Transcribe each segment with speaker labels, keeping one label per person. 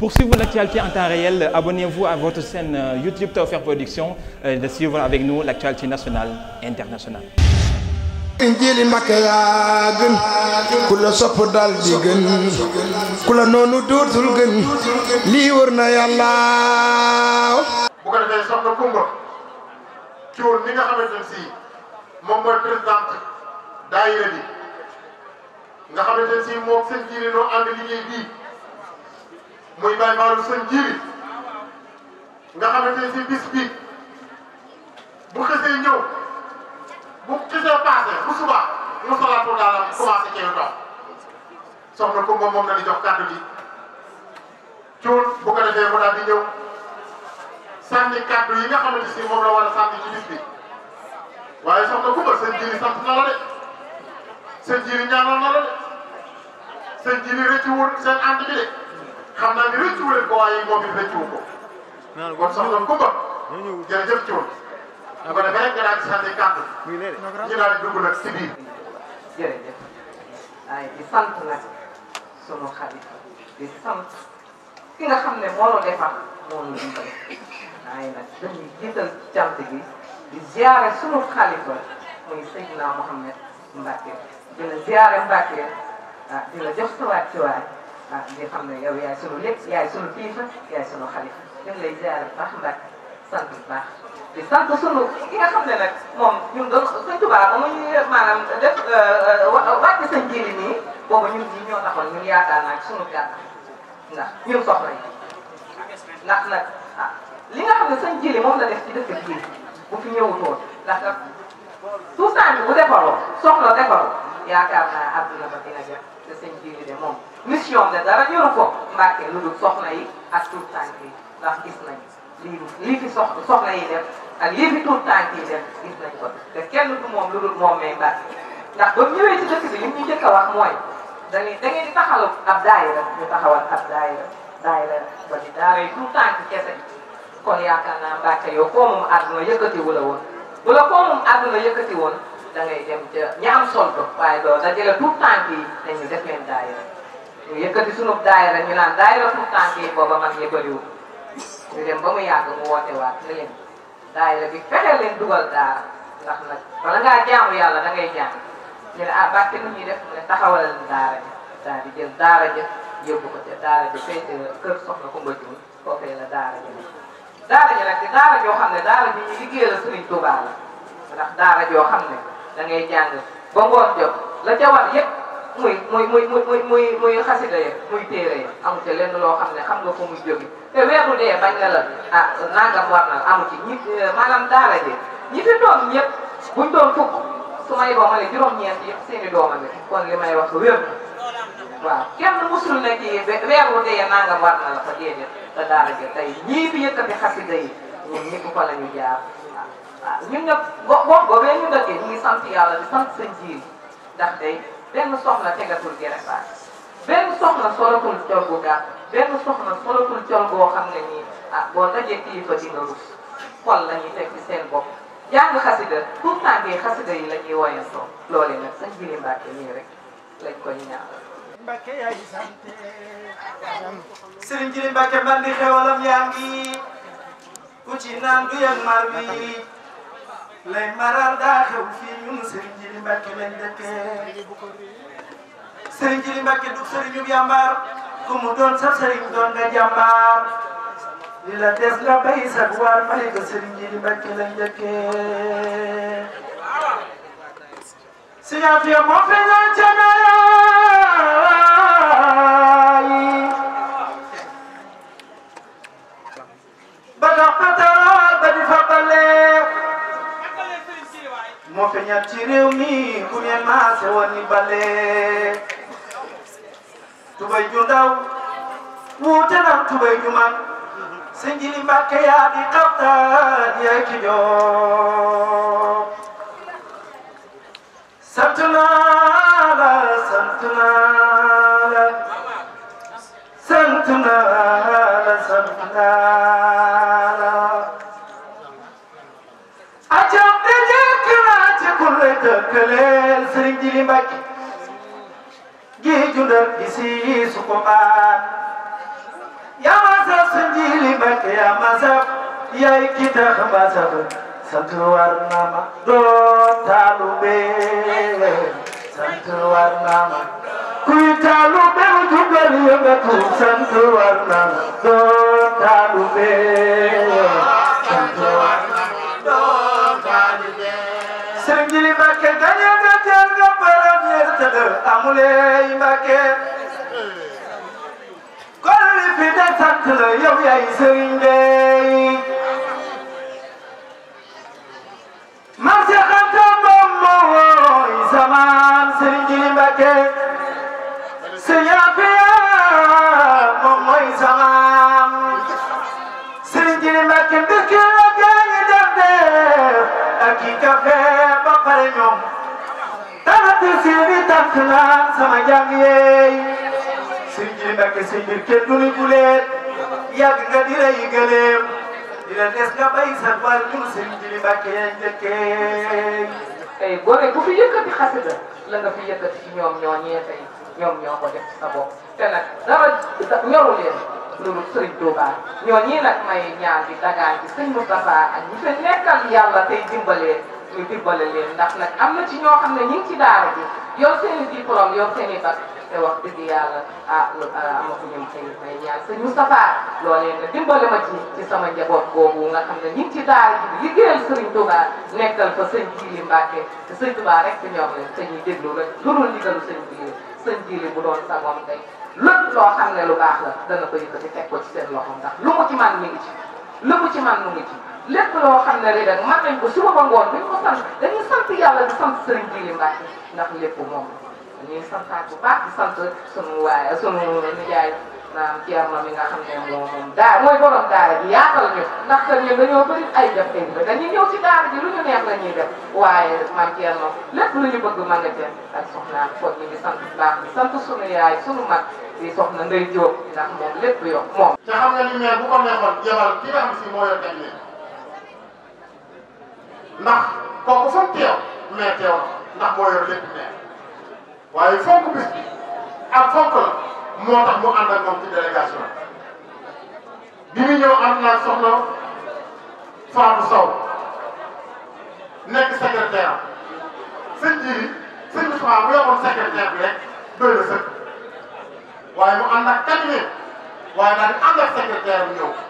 Speaker 1: Pour suivre l'actualité en temps réel, abonnez-vous à votre chaîne euh, YouTube Tawfekh Production et euh, de suivre avec nous l'actualité nationale internationale. injiili Mbakke yaa gën ku la sopp dal di gën ku la noonu
Speaker 2: dootul gën lii wër na yàlla. bu ko defee soxna Kumba ci woon li nga xamante ne si moom mooy présidente daayira bi nga xamante ne si moom seen jiiri noo ànd liggéey bii. muy Baye Fallou sëñ Jili nga xamante ne si bis bi bu xesee ñëw bu xesee passé bu subaa mu salaatu daal commencé cee dox soxna ko moom moom la di jox kàddu gi cuun bu ko defee mu daal di ñëw sànni kàddu yi nga xamante si moom la war a sànni ci bis bi waaye soxna Kumba sëñ Jili sant na la de sëñ Jili ñaanal na la de sëñ Jili rëccu woon seen ànd de. xam naa ne rëccu wu leen ko waaye moom it rëccu wu ko. naan kon soxna Kumba. jërëjëf ci woon. bu ko defee rek nga daal di sànni kàddu.
Speaker 3: ñu daal di dugg nag si biir. jërëjëf waaye di sant nag sunu xarit di sant ki nga xam ne moo la defar moo la dimbali waaye nag dañuy jiital cant gi di ziare sunu xalifa muy Seydina Mohamed Mbacke di la ziare Mbacke ah di la jox sa wàccuwaay ah di xam ne yow yaay sunu lépp yaay sunu kilifa yaay sunu xalifa ñu ngi lay ziar bu baax mbàkk sant bu baax. di sant sunu nga xam ne nag moom ñun doon sëñ Tuubaa mu ñu maanaam def euh, euh, wàcc sëñ jiili nii boobu ñun ñii ñoo taxoon ñun yaakaar naa sunu gàtt ndax ñun soxla yi ah, li nga xam ne sëñ jiili moom la def ci dëkk bii bu fi ñëwutoon ndax nag tout ça bu defaroo soxla defaroo yaakaar naa àdduna ba dina jëf te sëñ jiili de moom. mission de dara yoru ko mbàkke lu dul soxna yi ak tuut tànk yi ndax gis nañu lii lii fi sox soxna yi def ak lii fi tuut tànk yi def nañ ko te kenn du moom lu dul moom may mbàkke ndax ba mu ñëwee ci dëkk bi li ñu njëkk a wax mooy dañuy da ngeen di taxalu ab daayira ñu taxawal ab daayira daayira ba di daaray tuut tànk kese kon yaakaar naa mbàkke yow koo moom àdduna yëkkati wu la woon bu la koo moom àdduna yëkkati woon da ngay dem ca ña am soldo waaye doo dajale tuut tànk yëkkati sunu la ñu naan daayira pour tànk yi booba mag ñi bëriwul ñu ba mu yàgg mu woote waat ne leen daayira bi fexe leen dugal daara ndax nag bala ngaa jaamu yàlla da ngay jaam ñu ne ah bàtte nu ñuy def mu ne taxawalal daara ji daal di jël daara ja yóbbu ko ca daara ja fee kër soxna ko mbëjul foofee la daara ja daara ja nag di daara joo xam ne daara ji ñu liggéeyal Sëriñ Tuubaa la ndax daara joo xam ne da ngay jàng ba ngoon jot la ca muy muy muy muy muy muy xasida ya muy téere ya amu ci lenn loo xam ne xam nga fa muy jóge te weeru dee bañ na la ah nangam na amu ci ñi eh, maanaam daara ji ñi fi doom ñëpp buñ doon fukk su may boo ma ne juróom-ñeent yëpp seen i doomam yi kon li may wax ko waaw kenn musul na ci weeru dee nangam war na la fa déedéet te daara ji tey ñii fi xasida yi ñun ñëpp fa la ñu jaar waaw ñun ñëpp bo boo boobee ñu dëkkee ñu ngi sant yàlla di sant sa njiir ndax tey benn soxna tegatul gerefaat benn soxna solatul col gu gàtt benn soxna solatul col goo xam ne nii ah boo dajee kilifa di nga rus xol la ñuy teg ci seen bopp jàng xasida pour tàngee xasida yi la ñuy woyantoo loole nag sañ biri Mbàkke nii rek lañ koy ñaanal Mbàkke yaay
Speaker 4: sante Sëriñ Jili Mbàkke bandi xewalam yaa ngi ku ci naan du yëg mar wi lay maral daa xew fii ñun sëriñ Jili Mbàkke lañ dëkkee sëriñ Jili Mbàkke du sëriñu jàmbaar ku mu doon sa sëriñ doon nga jàmbaar li la des nga bay sa waar may nga sëriñ Jili Mbàkke lañ dëkkee. Sëriñ Afiya moo feeñal ca ñett ci réew mi bu ngeen maase woon ni bale tubay ju ndaw wuute na tubay ju mag sëñ ji li mbàkke yaa di ki jox sant naa la sant naa la sant naa la tëkkaleel sëriñ Jili Mbàkke gi jundar gi si su ko maan yaa ma saf sëriñ Jili Mbàkke yaa ma saf yaay ki tax ma saf sant war na ma doon taalube sant war na ma kuy taalube mu jubal yëngatu sant war na ma doon taalube dër amulee Mbàkke kon li de sant la yow yaay sëriñ dey man si xanta moom mooy samaan sëriñ Jili Mbàkke sëriñ Afiya moom ak i kafe ba pare taati sirbi takk naa sama jàng yeey sëñ ji nag sëñ bi kenn du ni guleet yàgg di rey gëleem dina des nga bay sa war jur
Speaker 3: sëñ ji li Mbàkke yañ jëkkee tey gone bu fi yëkkati xasida la nga fi yëkkati ci ñoom ñoo ñee tey ñoom ñoo ko def sa bopp te nag dara ñoru leen loolu sëriñ Tuubaa ñoo ñii nag may ñaan bi dagaan bi sëñ Moustapha ak ñi fi nekkal yàlla tey dimbalee ñu dimbale leen ndax nag am na ci ñoo xam ne ñu ngi ci daara ji yor seen i diplôme yor seen i bac te wax dëgg yàlla ah, ah amaguñu xëy may ñaan sëñ Moustapha ma ci ci sama njaboot boobu nga xam ne ñu ngi ci daara ji bi liggéeyal Serigne Touba nekkal fa sëñ Jili Mbacke te sëñ Touba rek ñoom leen te ñuy déglu rek lu dul ndigalu sëñ Jili sëñ Jili bu doon sa ngoom tey lépp loo xam ne lu baax la dana ko yëkkati teg ko ci seen loxo ndax lu mu ci man mi ngi ci lu ci man mu ngi ci lépp loo xam ne rek nag mën nañ ko suba ba ngoon buñ ko sant dañuy sant yàlla di sant sëriñ Jili Mbacke ndax lépp moom dañuy santaat bu baax di sant sunu waaye sunu nijaay maam Thierno mi nga xam ne moom moom daara mooy borom daara ji yaatal ñu ndax ñun dañoo bëri ay jafe-jafe dañuy ñëw ci daara ji lu ñu neex la ñuy def waaye maam Thierno lépp lu ñu bëgg mën nga jël ak soxnaam kon ñu ngi sant bu baax di sant sunu yaay sunu mag di soxna Ndeye Diop ndax moom lépp yo moom. te xam nga ni meer bu ko neexoon yebal ki nga xam si moo yor
Speaker 2: ndax kooku fan teew mais teew ndax moo yor lépp waaye fonk bis bi ak fonk la moo tax mu ànd ak moom ci délégation bi mu ñëw ànd naa soxna Fatou Sow nekk secrétaire sëñ ji sëñ bi souvent bu yoroon secrétaire bi rek doy na sëkk waaye mu ànd ak cabinet waaye daal di ànd ak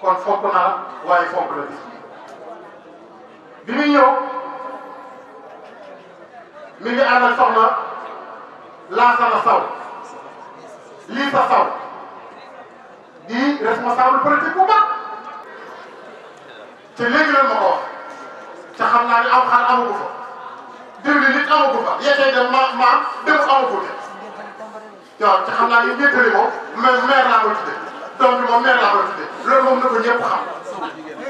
Speaker 2: kon fonk naa waaye fonk la bis bi muy ñëw mi ngi ànd ak soxna Laasana Saw lii sa Saw di responsable politique bu mag te léegi lan ma ko wax xam naa ni am xar amagu fa déglu nit amagu fa yeetee dem ma ma dem amagu te waaw te xam naa ni ñettali moom même maire laa koy tuddee doom bi moom maire laa koy tuddee loolu moom na ko ñëpp xam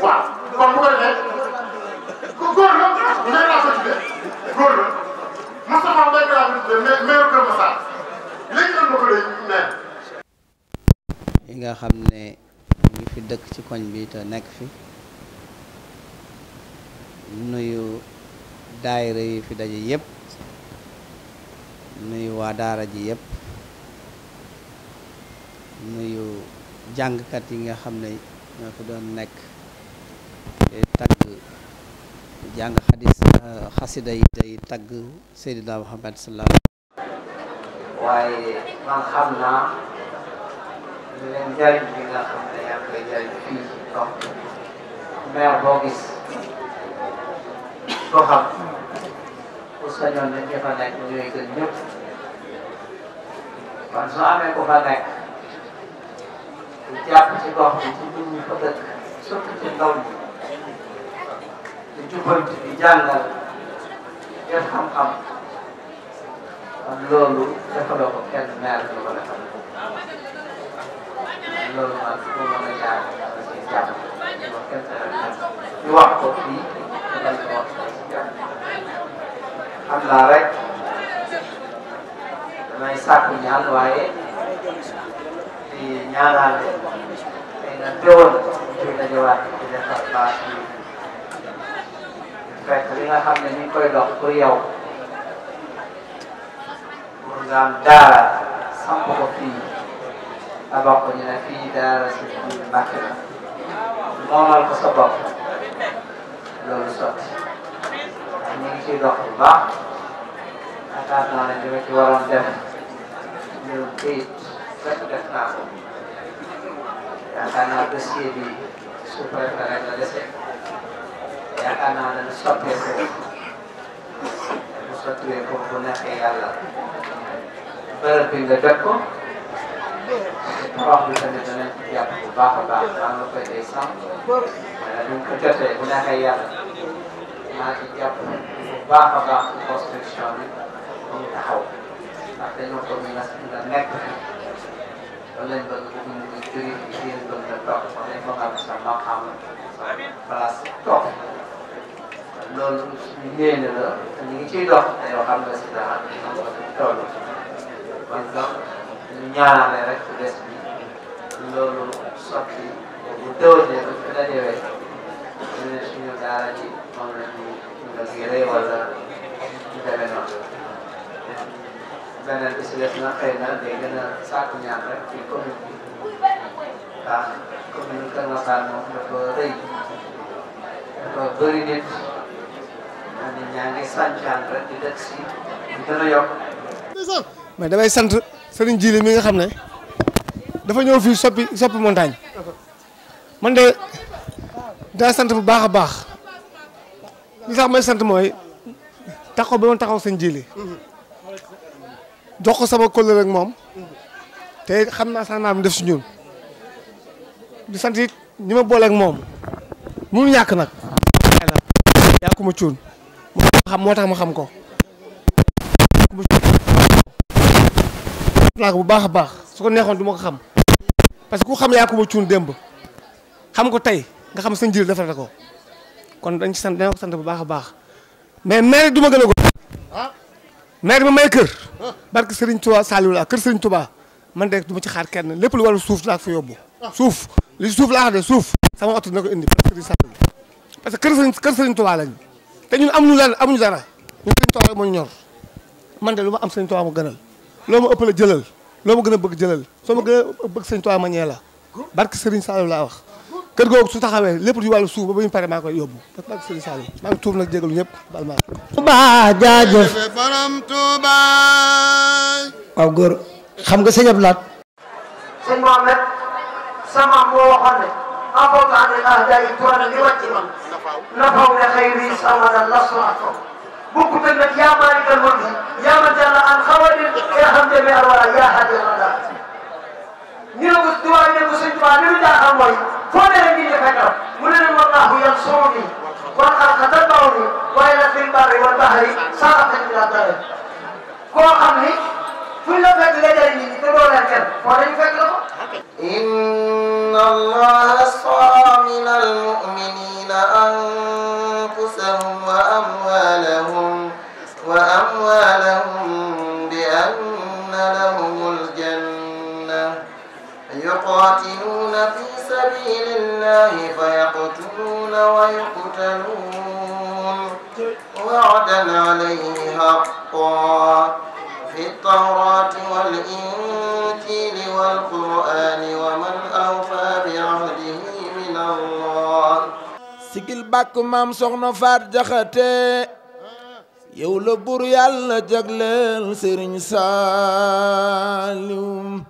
Speaker 2: waaw kon bu ko defee
Speaker 5: yi nga xam ne ñu fi dëkk ci koñ bi te nekk fi nuyu daayira yi fi daje yépp nuyu waa daara ji yépp nuyu jàngkat yi nga xam ne ñoo fi doon nekk tagg jàng xadis euh, xasida yi day tagg Seydina Muhammad sallallahu waaye man xam naa ñu leen jariñ bi nga xam ne yaa ngi koy jariñ fii donc maire boo gis ko xam ku sañoon na ñi fa nekk ñooy gën ñëpp kon soo amee ku fa nekk ku jàpp ci gox bi ci nit ñi fa dëkk surtout ci ndaw ñi di jubbanti di jàngal ngeen xam-xam ak loolu defaloo ko kenn meer bi ko defal loolu man su ko mën a jaar dama ciy jàpp ba kenn ñu wax ko fii te bañ ko wax dama ciy jàpp xam naa rek damay sàkku ñaan waaye di ñaanaale xëy na teewal ñu dajewaat di defar baax yi li nga xam ne ñu ngi koy dox pour yow pour daara samp ko fii nga bokk ñu ne daara si biir Mbàkke la moomal ko sa bopp loolu sotti ñu ngi ciy dox bu baax yaakaar naa ne li ci waroon def ñun kayit rek def naa ko yaakaar naa dossier bi sous-préfet la dese yaakaar naa dana sotteeku dana sotteeku bu neexee yàlla bërëb bi nga jot ko wax bi tamit danañ ci jàpp bu baax a baax maa ngi koy day sàmm wala ñu ko jotee bu neexee yàlla maa ngi jàpp bu baax a baax ci construction bi mu ngi taxaw ndax dañoo ko minas nga nekk loolu lañ bëgg bu ñu jógee fii yéen bëgg na toog wax nañ ko xam sa maqaam place toog loolu yéene la te ñu ngi ciy dox te yoo xam ne si dara toll kon donc ñu ñaanale rek bés bi loolu sotti bu
Speaker 6: déwénee ba fi dajewee
Speaker 5: ñu ne suñu daara ji moom la ñu nga gëree wala ñu demee noonu beneen bi si des na xëy na day gën a sàkku ñaan rek ci commune bi ndax commune Kër Massar moom dafa rëy dafa bëri nit
Speaker 7: mais damay sant Serigne Djily mi nga xam ne dafa ñëw fii soppi soppi montagne man de daa sant bu baax a baax li sax may sant mooy taxaw ba ma taxaw Serigne Djily jox ko sama kóllëre ak moom te xam naa sax naa def si ñun di sant it ñi ma booleeg moom mënu ñàkk nag. yaa ko cuun xam moo tax ma xam ko naa ko bu baax baax su neexoon du ko xam parce que ku xam yaa ko ma cuun démb xam ko tey nga xam sa njëriñ defal na ko kon dañ ci sant dañ ko bu baax a baax mais mais du ma gën a góor ah. maire bi may kër barke Serigne Touba Saliou laa kër Serigne Touba man de du ma ci xaar kenn lépp lu wàllu suuf laa ko fa yóbbu ah. suuf li suuf laa xam ne suuf sama oto dina ko indi parce que kër Serigne kër lañ te ñun amuñu lan amuñu dara ñun sëñ Tuubaa rek moo ñor man de lu ma am sëñ Tuubaa ma gënal loo ma ëppale jëlal loo ma gën a bëgg jëlal soo ma gën bëgg sëñ Tuubaa ma ñee la barke Serigne Saliou laa wax kër googu su taxawee lépp di wàllu suuf ba ba ñu pare maa koy yóbbu daf barke Serigne Saliou maa ngi tuub nag jégalu ñëpp bal maa Tuubaa jaajëf
Speaker 8: borom
Speaker 6: nga sëñ Ablaat نفعوا خيري أولا لصوا أكو بوكو تنك يا مالك الملك يا من جل عن خوال ارحم جميع الورى يا هادي الردى نيوغ الدعاء نيوغ سنتوا نيوغ دا أموي فولا نجي لفكرة مولنا والله ينصرني والقد خطبوني وإلى في البر والبحر صارت إلى الدار كو خمني fuñ la fekk nga jëriñ nit ñi te doo leen kenn war nañu fekk la ko.
Speaker 4: inna allaha ashtara
Speaker 6: min almuminina
Speaker 4: anfusahum wa amwalahum wa amwalahum bi anna lahum aljanna yuqatiluna fi sabili llahi fa yaqtuluna wa yuqtalun wa'dan alayhi haqqan في التوراة والإنجيل والقرآن ومن أوفى بعهده من الله
Speaker 1: sigil bàkk maam soxna faat jaxate yow la bur yàlla jagleel sëriñ Saliou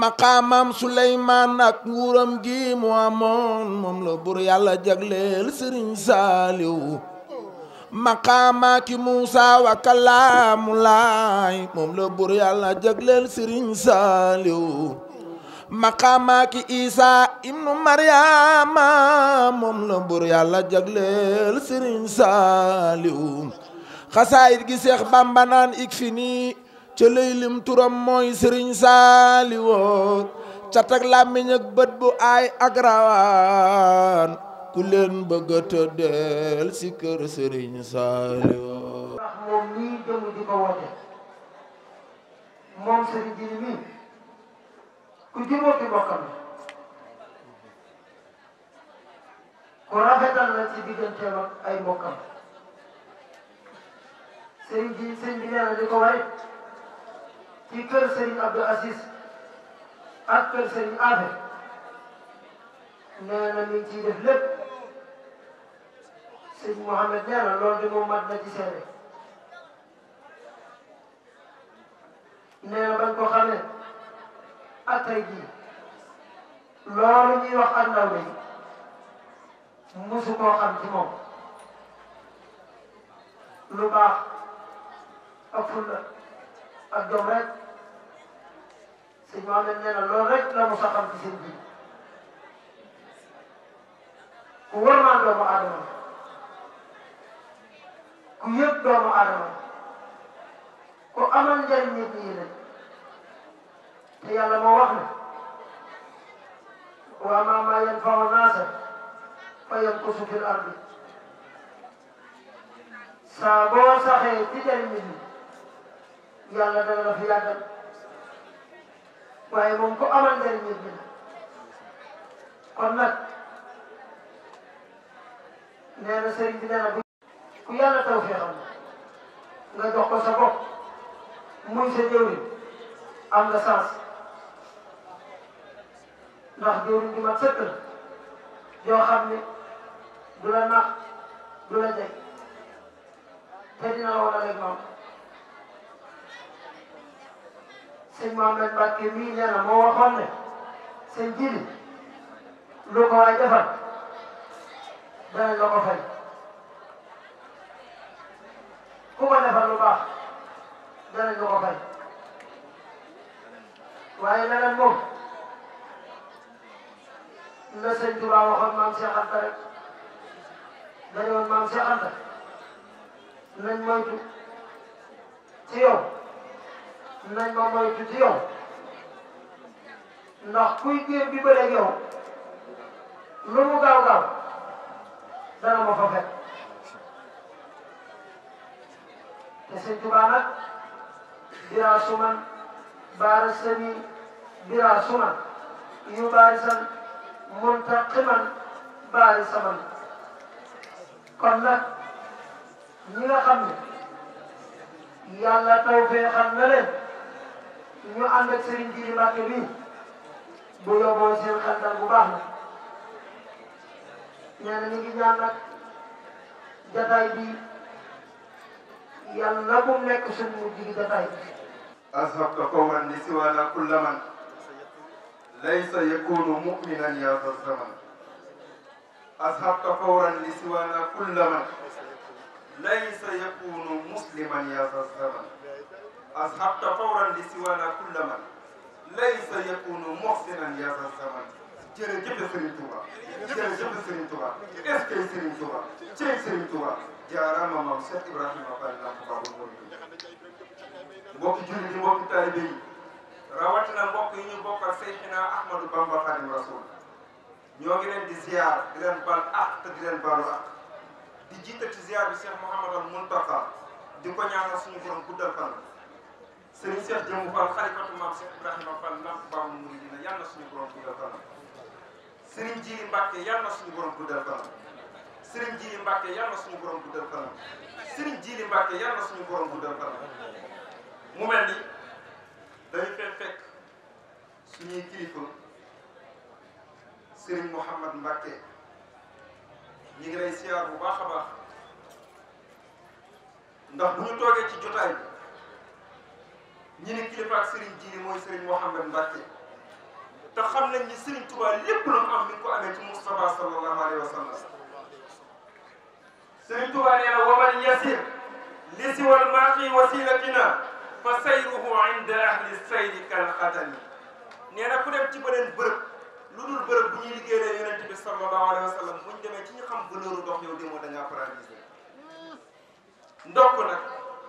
Speaker 1: maqaamam Suleymaan ak nguuram gi mu amoon moom la bur yàlla jagleel sëriñ Saliou maqaamaati Muusa wa kalaamulaay moom la buur yàlla jagleel Sëriñ Saaliw maqaamaati Isa ibnu Maryama moom la buur yàlla jagleel Sëriñ Saaliw xasaayit gi Seex Bàmba naan fi nii ca lay turam mooy Sëriñ Saaliw cat ak làmmiñ bët bu aay ak rawaan ku leen bëgg tëddeel si kër Serigne Saliou.
Speaker 6: ndax moom lii jëm di ko woote moom Serigne Djily ku jubóo ci bokkam ku rafetal la ci digganteem ay bokkam Serigne Djily Serigne bi li ko war ci kër Serigne Abdou Aziz ak kër Serigne Afe nee na def lépp. sëñ Mouhamed nee na loolu de moom mat na ci seede nee na bañ xamee ak tey jii loolu ñuy wax ak ndaw yi musu koo xam ci moom lu baax ak fulla ak jom rek sëñ Mouhamed nee na loolu rek musa xam ci seen bi ku maa doomu aadama ku yëg doomu aadama ku amal njariñ nit ñi la te yàlla moo wax na wa ammaa maa yanfa'u naasa fa yanqusu fil ardi saa boo saxee di jariñ nit ñi yàlla dana la fi yàggal waaye moom ku amal njariñ nit ñi la kon nag nee na sëriñ bi nee na ku yàlla taw feexal nga jox ko sa bopp muy sa jëwriñ am nga sens ndax jëwriñ bi mat sëkk xam ne du la nax du la te dina la war a rek moom sëñ Mohamed Mbacke mii nee na moo ne sëñ Jili lu ko waay defal danañ la ko ku ma defal lu baax danañ la ko fay waaye leneen moom na sëñ Tuubaa waxoon maam Cheikh Anta rek dañu woon maam Cheikh Anta nañ moytu ci yow nañ ma moytu ci yow ndax kuy géer bi bëreeg yow lu mu gaaw gaaw dana ma fa te sëñ Tuubaa nag biraa suman baara sani biraa suman yu baarisan muntaqiman baari saman kon nag ñi nga xam ne yàlla tawfeexal na leen ñu ànd ak bi bu yóbboo seen xel dal bu baax na ñu ngi ñaan nag jataay bi yàlla na bu nekk suñu mujj gi jotaay.
Speaker 1: ashabta qawman li siwana kulla man laysa yakunu mu'minan ya zal zaman. ashabta qawman li siwana kulla man laysa yakunu musliman ya zal zaman. ashabta qawman li siwana kulla man laysa yakunu muhsinan ya zal zaman. jërëjëf Serigne Touba jërëjëf Serigne Touba est-ce que Serigne Touba cey Serigne Touba jaaraama maam Cheikh Ibrahima Fall Lamp Baabul Muriid mbokki jullit yi mbokki taalibe yi rawatina mbokk yi ñu bokkal Seyxina Ahmadou Bamba Xaadimu Rasuul ñoo ngi leen di ziar di leen bal ak te di leen balu ak di jiite ci ziar bi Cheikh Mouhamadou Mountakha di ko ñaanal suñu borom guddal fan Serigne Cheikh Jëmu Fall xalifatu maam Cheikh Ibrahima Fall Lamp Baabul Muriid dina yàlla suñu borom guddal fan sëriñ Jili Mbàkke yal na suñu borom guddal fanam sëriñ Jili Mbàkke yal na suñu borom guddal fanam sëriñ Jili Mbàkke yal suñu borom guddal fanam mu mel ni dañu fee fekk suñuy kilifa sëriñ Mouhamad Mbàkke ñu ngi lay siyaar bu baax a baax ndax bu ñu toogee ci jotaay bi ñu ne kilifa ak sëriñ Jili mooy sëriñ Mouhamad Mbàkke te xam nañ ni Serigne Touba lépp lu mu am mi ngi ko amee ci Moustapha sallallahu alayhi wa sallam Serigne Touba nee na waman yasir li si wal maaqi wasilatina fa sayruhu inda ahli sayri kal xatani nee na ku dem ci beneen bërëb lu dul bërëb bu ñuy liggéeyee yonente bi sallallahu alayhi wa sallam bu ñu demee ci ñu xam valeur dox yow demoo da ngaa paralysé ndokk nag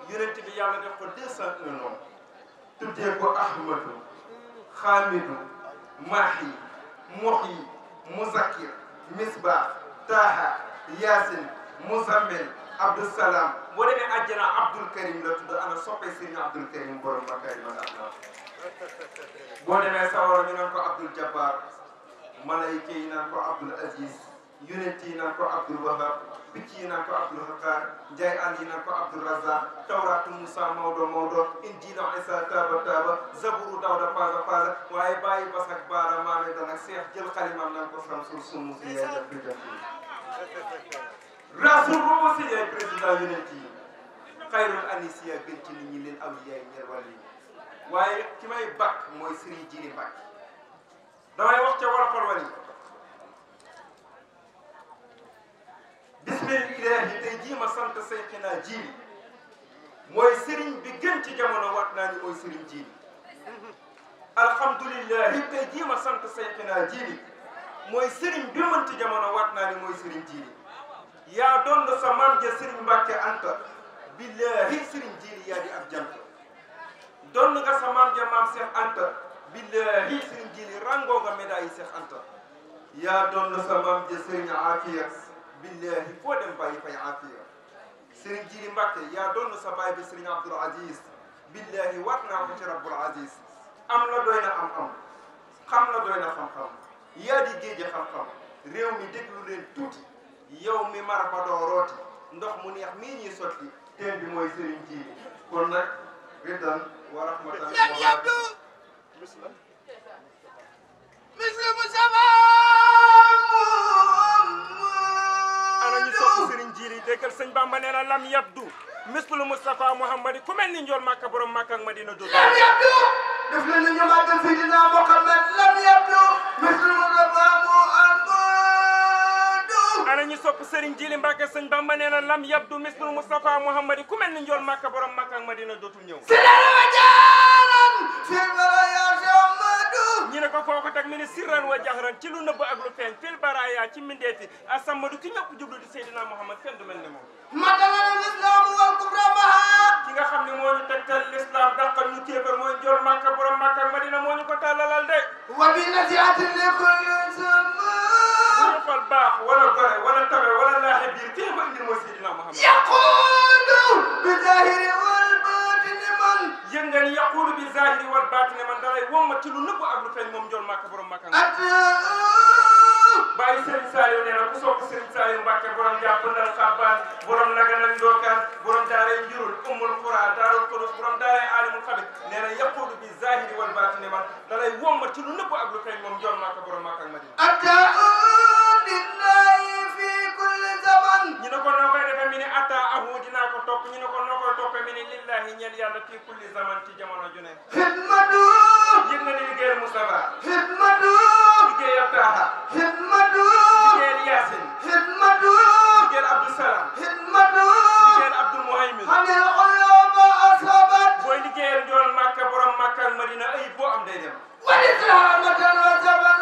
Speaker 1: yonente bi yàlla def ko deux cent un noom tuddee ko ahmadu xaamidu maax yi mox yi muzakir misbah taaha yaasin muzammil abdusalaam boo demee àjjana abdul karim la tudd ana soppee sëriñ abdul karim borom bakari ma la boo demee sawara ñu naan ko abdul jabbar malayka yi naan ko abdul aziz yonent yi naan ko Abdul Wahab picc yi naan ko Abdul Haqqar Njaay al yi naan ko Abdul Razzaq Tawraatu Muusaa Mawdo Mawdo Injiil Iisaa taaba taaba Zabuuru Daawda paasa paasa waaye bàyyi bas ak baara maame dana seex jël xalimaam naan ko Samsul sumu si yaay def di def rasul boobu si yaay président yonent yi xayrul anisiya gën ci nit ñi leen awliyaay ñeer yi waaye ki may bàkk mooy Sëriñ Jili Mbàkke damay wax ca wala xol Hizbul Ilaahi tey jii ma sant Seyxinaa Jiili mooy sëriñ bi gën ci jamono waat naa ni mooy sëriñ Jiili alhamdulillahi tey jii ma sant Seyxinaa Jiili mooy sëriñ bi ci jamono waat naa ni mooy sëriñ Jiili yaa doon na sa di ab jant doon nga sa maam ja maam Seex Anta billahi sëriñ Jiili rangoo nga médaille Seex yaa doon na sa maam ja sëriñ billahi foo dem bàyyi fay aafiya sëriñ Jiili Mbàkke yaa doon sa baay bi sëriñ Abdul Aziz billahi war naa ci rabbul aziz am la doy na am-am xam la doy na xam-xam yaa di géeje xam-xam réew mi déglu leen tuuti yow mi mar ba doo ndox mu neex mii ñuy sotti teen bi mooy sëriñ Jiili kon ridan wa rahmatan wa barakatuh misla misla déggal sëñ Bamba na lam yabdu mislu Moustapha Mouhamadi ku mel ni njool ma borom Màkka ak Madina du lam yabdu def na ñu ñëwaatal fii dinaa bokkal nag lam yabdu mislu Moustapha Mouhamadu ana ñu sopp Serigne Jili Mbàkke sëñ Bamba na lam yabdu mislu Moustapha Mouhamadi ku mel ni njool Màkka borom Màkka ak Madina ñëw si
Speaker 5: dara
Speaker 1: ñu ne ko foo ko teg mi sirran wa jaxran ci lu nëbb ak lu feeñ fil baraya ci mindeeti asamadu ki ñëpp jublu di Seydina Muhammad kenn du mel ni moom
Speaker 4: madalan
Speaker 1: wal kubra maha ki nga xam ni moo ñu tegtal lislam dàqal ñu kéefar mooy jor màkka borom màkka ak madina moo ñu ko tàllalal de wa bi
Speaker 9: nasiatin likulli ko
Speaker 1: indil mooy Seydina Muhammad yaqudu bi yëngal yaqulu bi zahiri wal batini man dalay womma ci lu nëbb ak lu feeñ moom njool màkk borom màkk nga bàyyi Serigne Saliou nee na ku soog ñu ne ko noo koy toppee mi ni lillahi ñeel yàlla fii kulli zaman ci jamono ju ne. xidmatu. yëg na ni liggéeyal Moustapha.
Speaker 9: xidmatu.
Speaker 1: liggéeyal Taha.
Speaker 9: xidmatu. liggéeyal Yacine. xidmatu.
Speaker 1: liggéeyal Abdou Salam.
Speaker 9: xidmatu.
Speaker 1: liggéeyal Abdou Mouhaymin. xaneel
Speaker 9: ulama asabat.
Speaker 1: booy liggéeyal joon Makka borom Makka ak Madina ayib boo am day dem. wali
Speaker 9: sahamatan wa
Speaker 1: saban.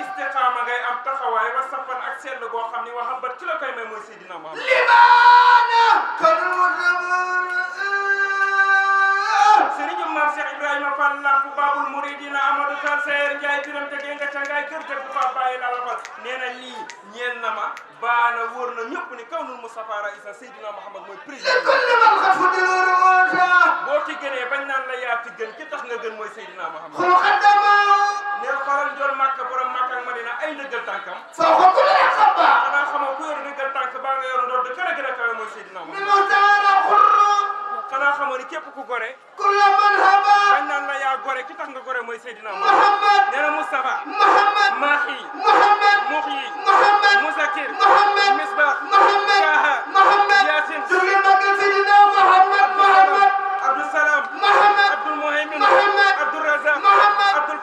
Speaker 1: istiqaama ngay am taxawaay wa safan ak seetlu goo xam ni waxa bat ki la koy may mooy Seydina Muhammad limaana sëriñ Maam Cheikh Ibrahima Fall Lamp Baabul Muridina Amadou Fall Seyer Ndiaye Biram te nga ca ngay kër te bu baax bàyyi la la nee na lii ñeen na ma baana wóor na ñëpp ni kawnul Moustapha Raïssa Seydina Muhammad mooy président boo ci gënee bañ naan la yaa ci gën ki tax nga gën mooy Seydina Muhammad deel xoolal njool màkk borom màkk ak madina ay ndëggal tànkam soo ko ku la xamba xanaa xamoo ku yor ndëggal tànk baa nga yor doon de gën a gën a kawe mooy Seydina Omar mi mu taala xurru xanaa xamoo ni képp ku gore ku la man haba bañ naan la yaa gore ki tax nga gore mooy Seydina Omar Muhammad nee na Mustafa Muhammad Mahi Muhammad Muhyi Muhammad Muzakir Muhammad Misbah Muhammad Kaha Muhammad Yaasin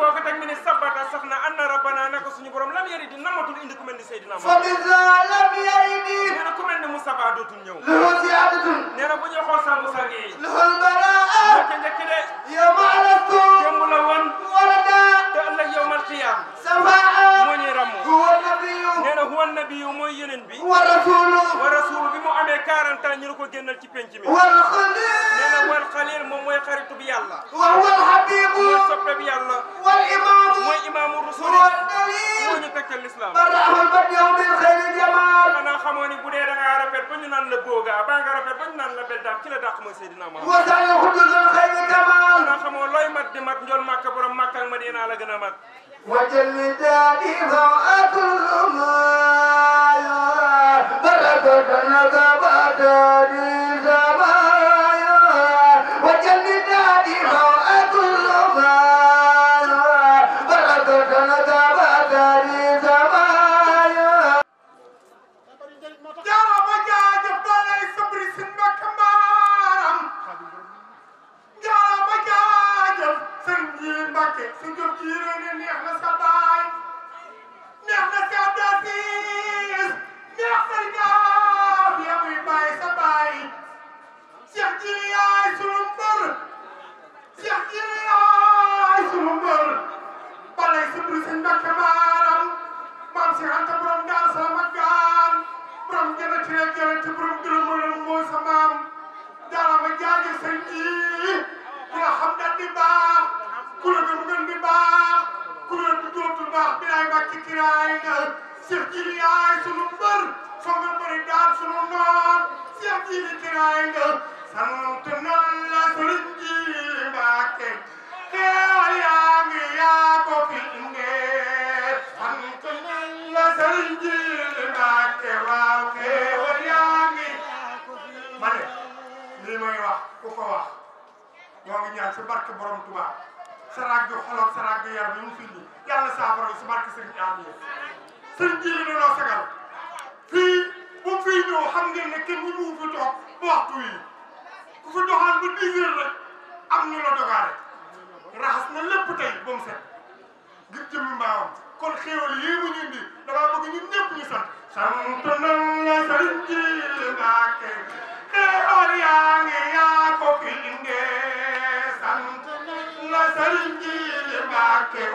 Speaker 1: kooku teg mi ne sabata sax na anna rabbana naka suñu borom lam yari di namatul indi ku mel ni Seydina Muhammad. fa biza lam yari di. nee na ku mel ni Moustapha dootul ñëw. loxo ziyaadatun. nee na bu ñu xool sangu sang yi. loxol baraa. moo ca njëkk de. yow ma alastu. démb la woon. wala daa. te ëllëg yow mal xiyaam. safaa. moo ñuy ràmm. huwa
Speaker 9: nabiyu. nee
Speaker 1: na huwa nabiyu mooy yeneen bi. wa rasulu. wa rasulu bi mu amee 40 ans ñu ne ko génnal ci penc mi. wal xalil. nee na wal xalil moom mooy xaritu bi yàlla. wa wal habibu. mooy soppe bi yàlla. mooy imaamu rusul moo ñu tegtal lislaam baraxal ba yow bil xëyri jamaal xanaa xamoo ni bu dee da ngaa rafet ba ñu naan la booga ba nga rafet ba ñu naan la bel daam ci la dàq mooy Seydina Muhammad wasaye xudulal xëyri jamaal xanaa xamoo looy mat di mat njool màkka borom màkka ak madina la gën a mat
Speaker 6: wajalli daadi faw
Speaker 9: akuluma barakatana ka baataani ndokk maaram maam si Anta borom daal sama gaan borom jërëjëf jërëjëf borom gërëm mooy sa maam dara ma jaajëf sëñ bi dina xam daal di baax kuréel gu ngeen di baax kuréel gu dootul baax bi laay bàcc kiraay nga Cheikh Jili yaay sunu mbër foog nga bëri daal sunu noon Cheikh Jili kiraay nga sant naa la sëriñ ji Mbàkke teewal yaa ngi yaa ko fi indee sant nañ la sëñ ji li yaa ngi ma ne may wax ku ko ñoo ngi ñaan si borom Tuubaa saraag ju xoloog saraag ju yar bi mu fi indi yàlla saafara si barke sëñ Aamiya sëñ ji fii bu fii ñëw xam ngeen ne kenn ñu mu fi toog waxtu yi ku fi doxaan ba 10 heures rek am ñu la raxas na lépp tey ba mu set ngir jëmmi mbaawam kon xéewal yii mu ñu indi sant sant nan la sëriñ ji Mbàkke xéewal yaa ko fi indee sant nan la sëriñ ji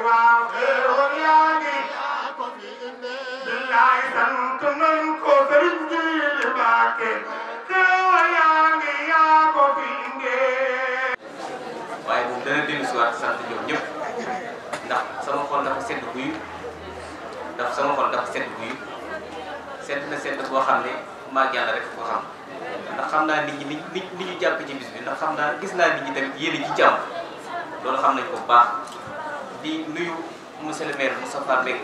Speaker 9: waaw xéewal yaa ngi yaa ko fi indee billaay sant nan ko sëriñ ji Mbàkke
Speaker 10: dana dellu si waat sant ñoom ñëpp ndax sama xol dafa sedd guy ndax sama xol dafa sedd guy sedd na sedd boo xam ne maa yàlla rek ko xam ndax xam naa nit ñi ni jàpp ci bis bi ndax xam naa gis naa nit ñi tamit yéene ci jàmm loolu xam ne ko bu baax di nuyu monsieur le maire Moustapha Mbengue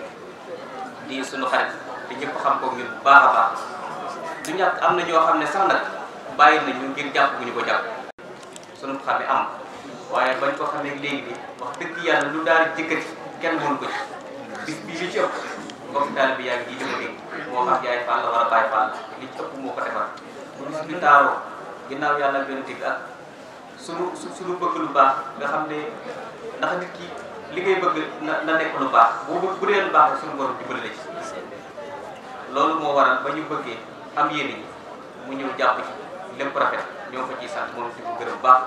Speaker 10: di suñu xarit te ñëpp xam ko ñun bu baax a baax du ñàkk am na ñoo xam ne sax nag bàyyi nañu ngir jàpp bu ñu ko jàpp sunu xame am waaye bañ ko xamee léegi bi wax dëgg yàlla lu daal jëkkati kenn mënu ko bi li ci ëpp comme daal bi yaa ngi di dégg moo xam yaay Fall la wala Baye Fall la li ci ëpp moo ko defar bu bis bi taaroo a dégg ak suñu suñu bëgg lu baax nga xam ne ndax nit ki bëgg na na lu baax bu bu dee lu baax la la ci loolu moo waral ba ñu bëggee am yéene mu ñëw jàpp ci lépp rafet ñoo ko ciy sant moom di ko baax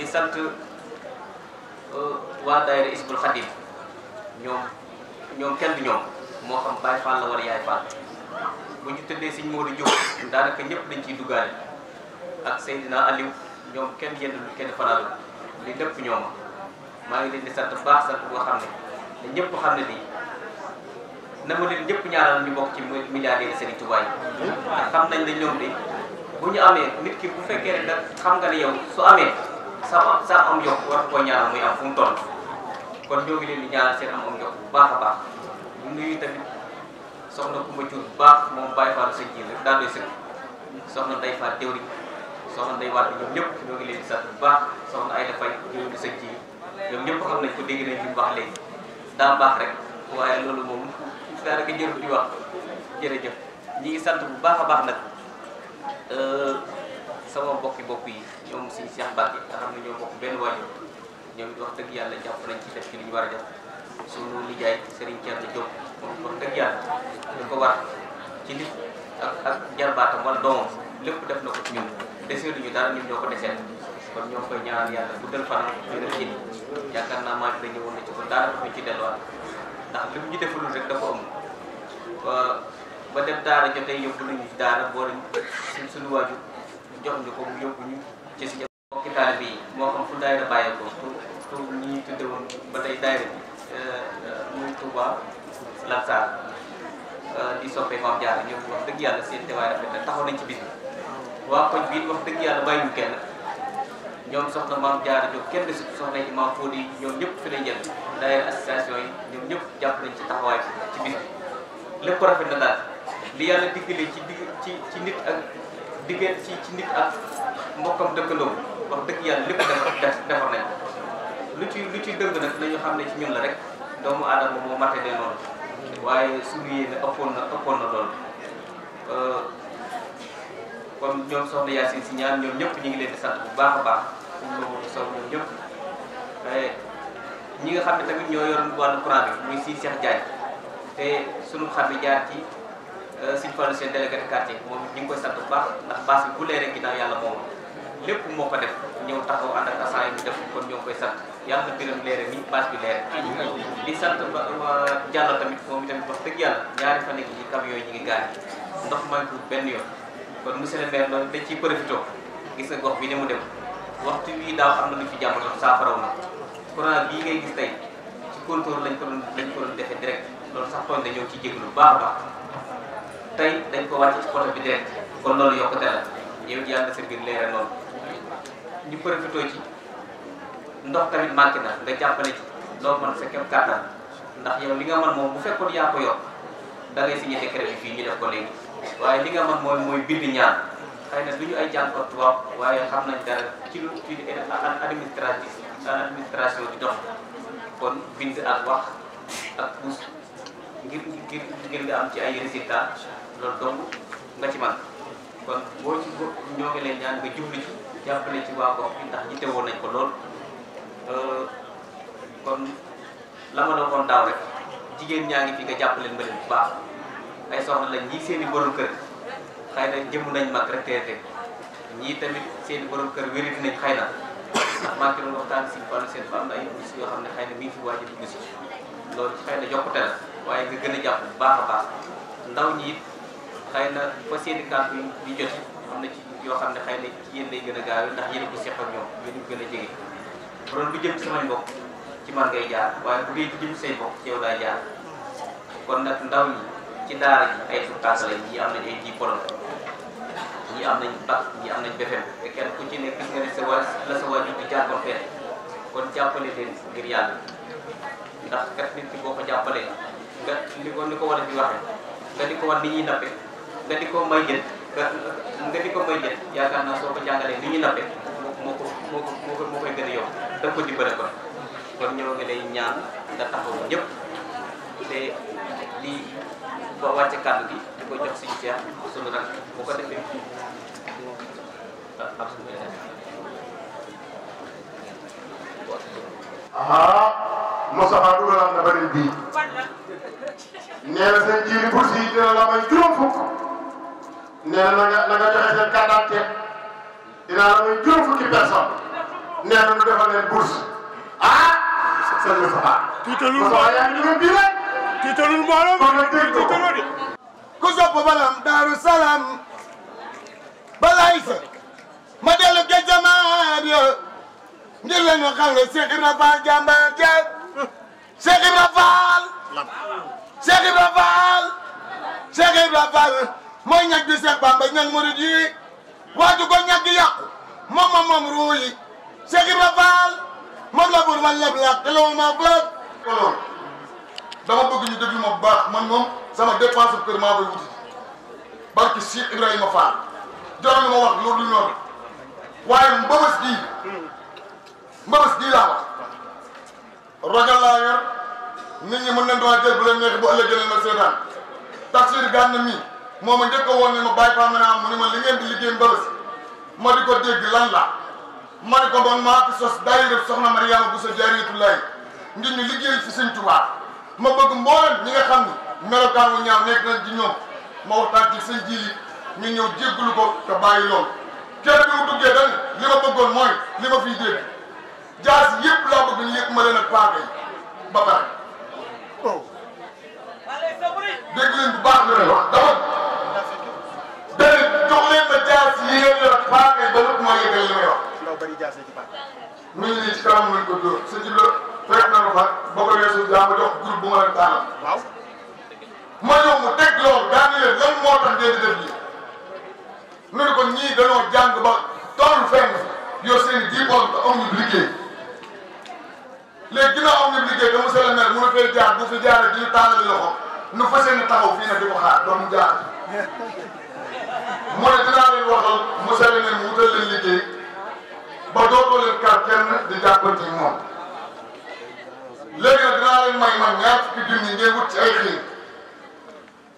Speaker 10: di sant euh, waa daayira Isbul Xadim ñoom ñoom kenn ñoom moo xam Baay Fall la wala Yaay Fall bu ñu tëddee Sëñ Modou Diop daanaka ñëpp dañ ciy duggaale ak Seydina Aliou ñoom kenn yenn lu kenn fanaalu li lépp ñoom maa ngi leen di sant baax sant boo xam ne ne ñëpp xam ne nii na ma leen ñëpp ñaanal ñu bokk ci milliardaire Serigne Touba yi. ndax xam nañ ne ñoom de bu ñu amee nit ki bu fekkee rek da xam nga ne yow su amee. sa sa am yokk war koo ñaanal muy am fu mu toll kon ñoo ngi leen di seen am am yokk bu baax a baax ñu nuyu tamit soxna Kumba Cuur bu baax moom Baye Fall sa ji rek daal di sëkk soxna Ndeye Fall Théorie soxna Ndeye Wade ñëpp ñoo ngi leen di sant bu baax soxna ñëpp xam nañ ko dégg nañ li mu wax léegi daa baax rek waaye loolu moom daanaka jërëjëf di wax jërëjëf ñi ngi sant bu baax a baax nag euh, sama mbokki bopp yi. ñoom si Cheikh Mbacke nga xam ne ñoo bokk benn waajur ñoom wax dëgg yàlla jàpp nañ ci def ci li ñu war a def suñu nijaay Serigne Thierno Diop moom wax dëgg yàlla li ko war ci ak ak jarbaatam wala lépp def na ko ci ñun desee duñu dara ñun ñoo ko deseel kon ñoo koy ñaanal yàlla guddal fanam ñu def ci yaakaar naa maa ngi dañu woon na ci ko daara dafañ ci delluwaat ndax li mu ñu defalul rek dafa am ba dem daara jotee yóbbu nañu daara boo suñu waajur jox ñu ko mu yóbbu ñu ci suñu mbokki taalibe yi moo xam fu daayira bàyyeekoo pour pour ñi tudde woon ba tey daayira bi euh, muy Touba Lansar euh, di soppe Maam Jaara ñoom wax dëgg yàlla seen teewaay nañ ci bi waa koñ bi wax yàlla bàyyi ñu kenn ñoom soxna Maam Jaara ñoom kenn de soxna yi Maam Fóodi yi ñoom ñëpp fi lay jël daayira association yi ñoom ñëpp jàpp nañ ci taxawaay ci bis lépp rafet na daal li yàlla diggale ci digg ci nit ak diggante ci nit ak mbokkam dëkkandoo wax dëgg yàlla lépp defar defar nañ lu ci lu ci dëgg nag nañu xam ne ci ñun la rek doomu aadama moo mate ne noonu waaye suñu yéene ëppoon na ëppoon na loolu euh, kon ñoom soxna Yacine si ñaan ñoom ñëpp ñu ngi leen di bu baax a baax suñu soxna ñoom ñëpp euh, ñi nga xam ne tamit ñoo yor wàllu courant bi muy si Cheikh Diagne te suñu xam ne jaar ci Euh, suñu fàllu seen délégué de quartier moom ñu ngi koy sant baax ndax base bi bu leeree ginnaaw yàlla moom lépp moo ko def ñëw taxaw ànd ak asan yi mu kon ñoo koy sant yàlla biram leere bi leere di sant ba jàll tamit moom wax dëgg yàlla ñaari fan yi camion yi ñu ngi gaar ndox manku benn yoon kon monsieur le maire loolu dañ ciy gis nga gox bi ni mu dem waxtu wii daaw am na lu fi jàmbatoon saafaraw na courant bii ngay gis tey ci contour lañ ko doon lañ ko doon defee direct loolu sax tooñ dañoo ci jéglu tey dañ ko wàcc ci côté bi denc kon loolu yokkute la yow yàlla na sa biir leeral noonu ñu profité ci ndox tamit manqué na nga jàppale ci loolu man sa kem kàttan ndax yow li nga mën moom bu fekkoon yaa ko yokk da si signé décret bi fii ñu def ko léegi waaye li nga mën mooy mooy bind ñaan xëy na du ñu ay jànkuwut tubaab waaye xam nañ dara ci lu ci administration bi dox kon bind ak wax ak pousse ngir ngir ngir nga am ci ay résultats. loolu dong nga ci man kon boo ci ñoo ngi ñaan nga jublu ci jàppale ci waa gox bi ndax ñi teewoon nañ ko lool euh, kon la ma doon rek jigéen ñaa ngi fi nga jàppale leen bu baax ay soxna lañ ñii seen i kër xëy na nañ mag rek tamit seen i kër wériti nañ xëy na ndax maa ngi si wàllu seen xam ne xëy na mi ngi fi waaj a dugg si loolu xëy gën a jàpp bu baax a baax ndaw ñi xëy na fa seeni kàddu yi di jot am ci yoo xam ne xëy na ci yéen lay gën a gaaw ndax yéen a ko ñoom yéen a ko gën a jege loolu bu jëm ci samay ci man ngay jaar waaye bu dee jëm say mbokk ci yow laay jaar kon nag ndaw ñi ci daara ji ay tuutaas lañ ñii am nañ ay ji polon ñii am nañ bac ñii am nañ BFEM te kenn ku ci ne gis nga ne sa waa la sa waajur di jàppoon fee kon jàppale leen ngir yàlla ndax kat nit ki boo ko jàppalee nga li ko ni ko war a di nga di ko war ni ñuy nappe nga di ko may jën nga di ko may jën yaakaar naa soo ko jàngalee li ñuy nappe moo ko moo ko moo koy gën a yomb da nga ko dimbale ko kon ñoo ngi lay ñaan nga taxaw ñëpp te di ba wàcce kàddu gi di ko jox suñu seex suñu rak bu ko defee ab suñu aha Moustapha dugal na
Speaker 2: bëri bii nee na seen jiili kursi dina la may juróom fukk nee na nga na nga joxe seen carte d'identité dinaa la may juróom fukki personne nee na ñu defal leen bourse ah. sëñ bi fa ah.
Speaker 8: tuutalul mbooloo ah, yaa ngi bii rek. tuutalul mbooloo kon nag dégg ko ku sopp balam daaru salaam balaay sa ma dellu géej jamaat ya ngir la ñu xam ne Cheikh Ibra Fall jàmbaar ja Cheikh Ibra Fall Cheikh Ibra Fall Cheikh Ibra Fall mooy ñag bi Cheikh Bamba ñag murid yi waaju ko ñag gi yàqu moom moom moom ruu yi Cheikh Ibra Fall moom la ma leb laat te loolu maa bëgg loolu dama bëgg ñu déglu ma bu baax man moom sama dépense bu kër maa koy wuti barki Cheikh Ibrahima Fall joxe ma wax loolu lu waaye mbëbës gii mbëbës gii laa wax laa yor nit ñi mën nañ doon jël bu leen neex bu ëllëgee seetaan tafsir gànn mi moo ma njëkk a woon ne ma bàyyi faa maanaam mu ne ma li ngeen di liggéey mbëbës ma di ko dégg lan la ma ne ko man maa fi sos daayira soxna Mariama Bousso Jaaratullaay ngir ñu liggéey fi sëñ Tuubaa ma bëgg mboolem ñi nga xam ni melokaan wu ñaaw nekk nañ ci ñoom ma waxtaan ci sëñ Jili ñu ñëw jéggalu ko te bàyyi loolu kenn li ma bëggoon mooy li ma fiy dégg jaas yëpp laa bëgg ñu yëpp ma leen ak paaka yi ba pare bu baax la jaas yi ngeen yor paaka yi ba lépp mooy yëgal li
Speaker 2: may wax.
Speaker 8: mi ngi nii ci kanam lañ ko dóor sa jublu fekk na lu fa ba ko weesu daa ma jox groupe bu ma leen tànnal. waaw ma ñëw mu teg loolu daan leen lan moo tax dee di def lii ñu ne ko ñii dañoo jàng ba toolu fenn yor seen i diiboon te amuñu liggéey léegi ginnaaw amuñu liggéey te monsieur le maire mu ne fee jaar bu fi jaaree di ñu tàllal loxo nu fas yéene taxaw fii nag di ko xaar doomu jaar. mu ne dinaa leen waxal mu sali leen wutal leen liggéey ba dootoo leen kar kenn di jàppante moom léegi nag dinaa leen may man ñaar fukki junni ngay wut ci ay xiir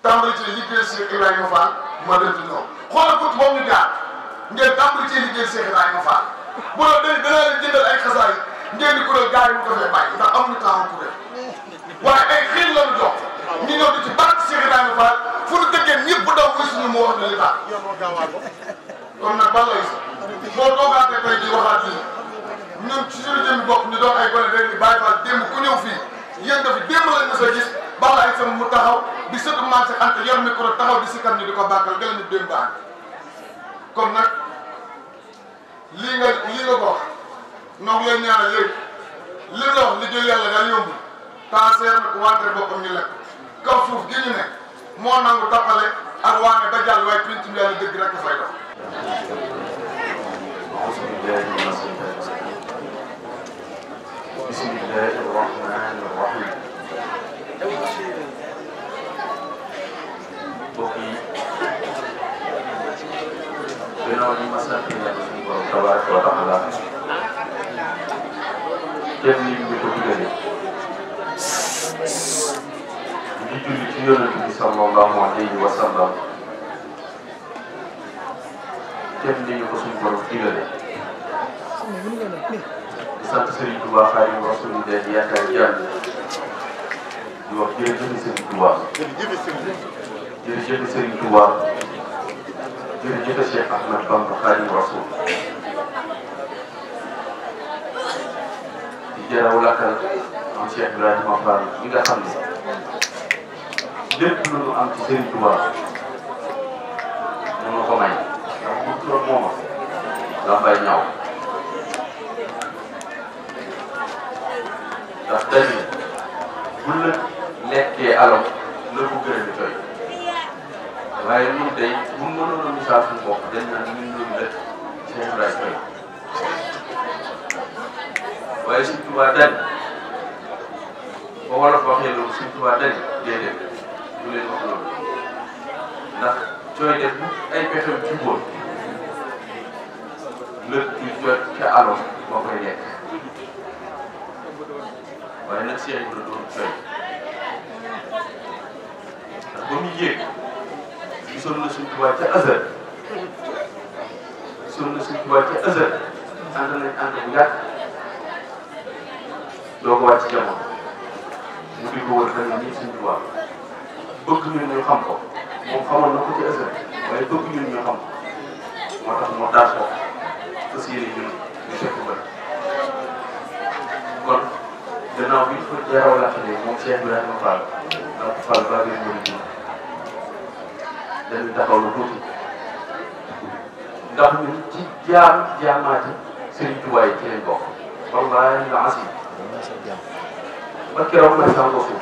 Speaker 8: tàmbali ci liggéey Cheikh Ibrahima Fall ma dem ci ñoom xoolal kut moom ñu jaar ngeen ci liggéey Cheikh Ibrahima Fall bu la dee dinaa leen jëndal ay xasaay ngeen di kuréel mu ko fee bàyyi ndax amuñu temps kuréel waaye état kon nag ban lay boo toogaatee tey jii waxaat ni ñun ci suñu jëm bopp ay gone rek di fa démb ku ñëw fii yéen dafa démb lañ mos a gis balaa ay sam mu taxaw di sëtu maam si Anta yor micro taxaw di sikkat ñu di ko bàkkal gën ñu démb baax kon nag lii nga lii nga ko wax noonu lay ñaanal léegi li la wax liggéey yàlla daal yomb taa seer nag wante boppam lekk kaw suuf gi ñu ne moo ak waane ba jàll waaye pénc mi yàlla dëgg rek fay dox
Speaker 6: بسم
Speaker 4: الله الرحمن الرحيم
Speaker 10: بقي بنوع مساكين تبارك وتعالى
Speaker 4: كم يمكن di julli ci yonent bi sallallahu alayhi wa sallam kenn li ñu ko suñu
Speaker 10: borom digale di sant Serigne Touba Xaadimu Rasuul di
Speaker 4: yaakaar jàll di wax jërëjëf Serigne Touba
Speaker 1: jërëjëf Serigne Touba jërëjëf Cheikh Ahmed Bamba Xaadimu Rasuul di jaraw lakkal
Speaker 4: am Cheikh Ibrahima Fall mi nga xam ne lépp lu ñu
Speaker 10: am ci Serigne Touba ñu ko may ndax bu turam mooma dafay ñaw ndax dañ ne bu la nekkee alam la ko gën a di doy waaye ñun tey bu mu mënoon a misaal suñu bopp dañ naan ñun ñu dëkk
Speaker 4: Cheikh Ibrahima Faye waaye Serigne Touba dañ ba du leen wax loolu
Speaker 10: ndax cooy def ay pexew jubboon lëpp ci jot ca aloom moo koy lekk waaye nag Cheikh Ibrahima doon cooy ndax ba mu yéeg gisoon na suñu tubaab ca azal
Speaker 6: gisoon
Speaker 1: na suñu tubaab ca azal ànd nañ ànd bu yàgg
Speaker 10: doo ko wàcc jamono mu di ko wër da nga nii suñu tubaab bëgg ñun ñu xam moom xamoon na ko ci ëllëg waaye bëgg ñun ñu xam ko moo tax mu daal ko fas yéene ñun ñu fekk mbër kon
Speaker 4: gannaaw bi ñu ko jaaroo laaxalee moom Cheikh Ibrahima Fall donc Fall ba ngeen mën a ji dañuy taxaw lu tuuti ndax ñun ci jaam jaamaati Serigne Touba yi ci lañ bokk. wallaay la asi
Speaker 10: ba keroog may sàngoo suuf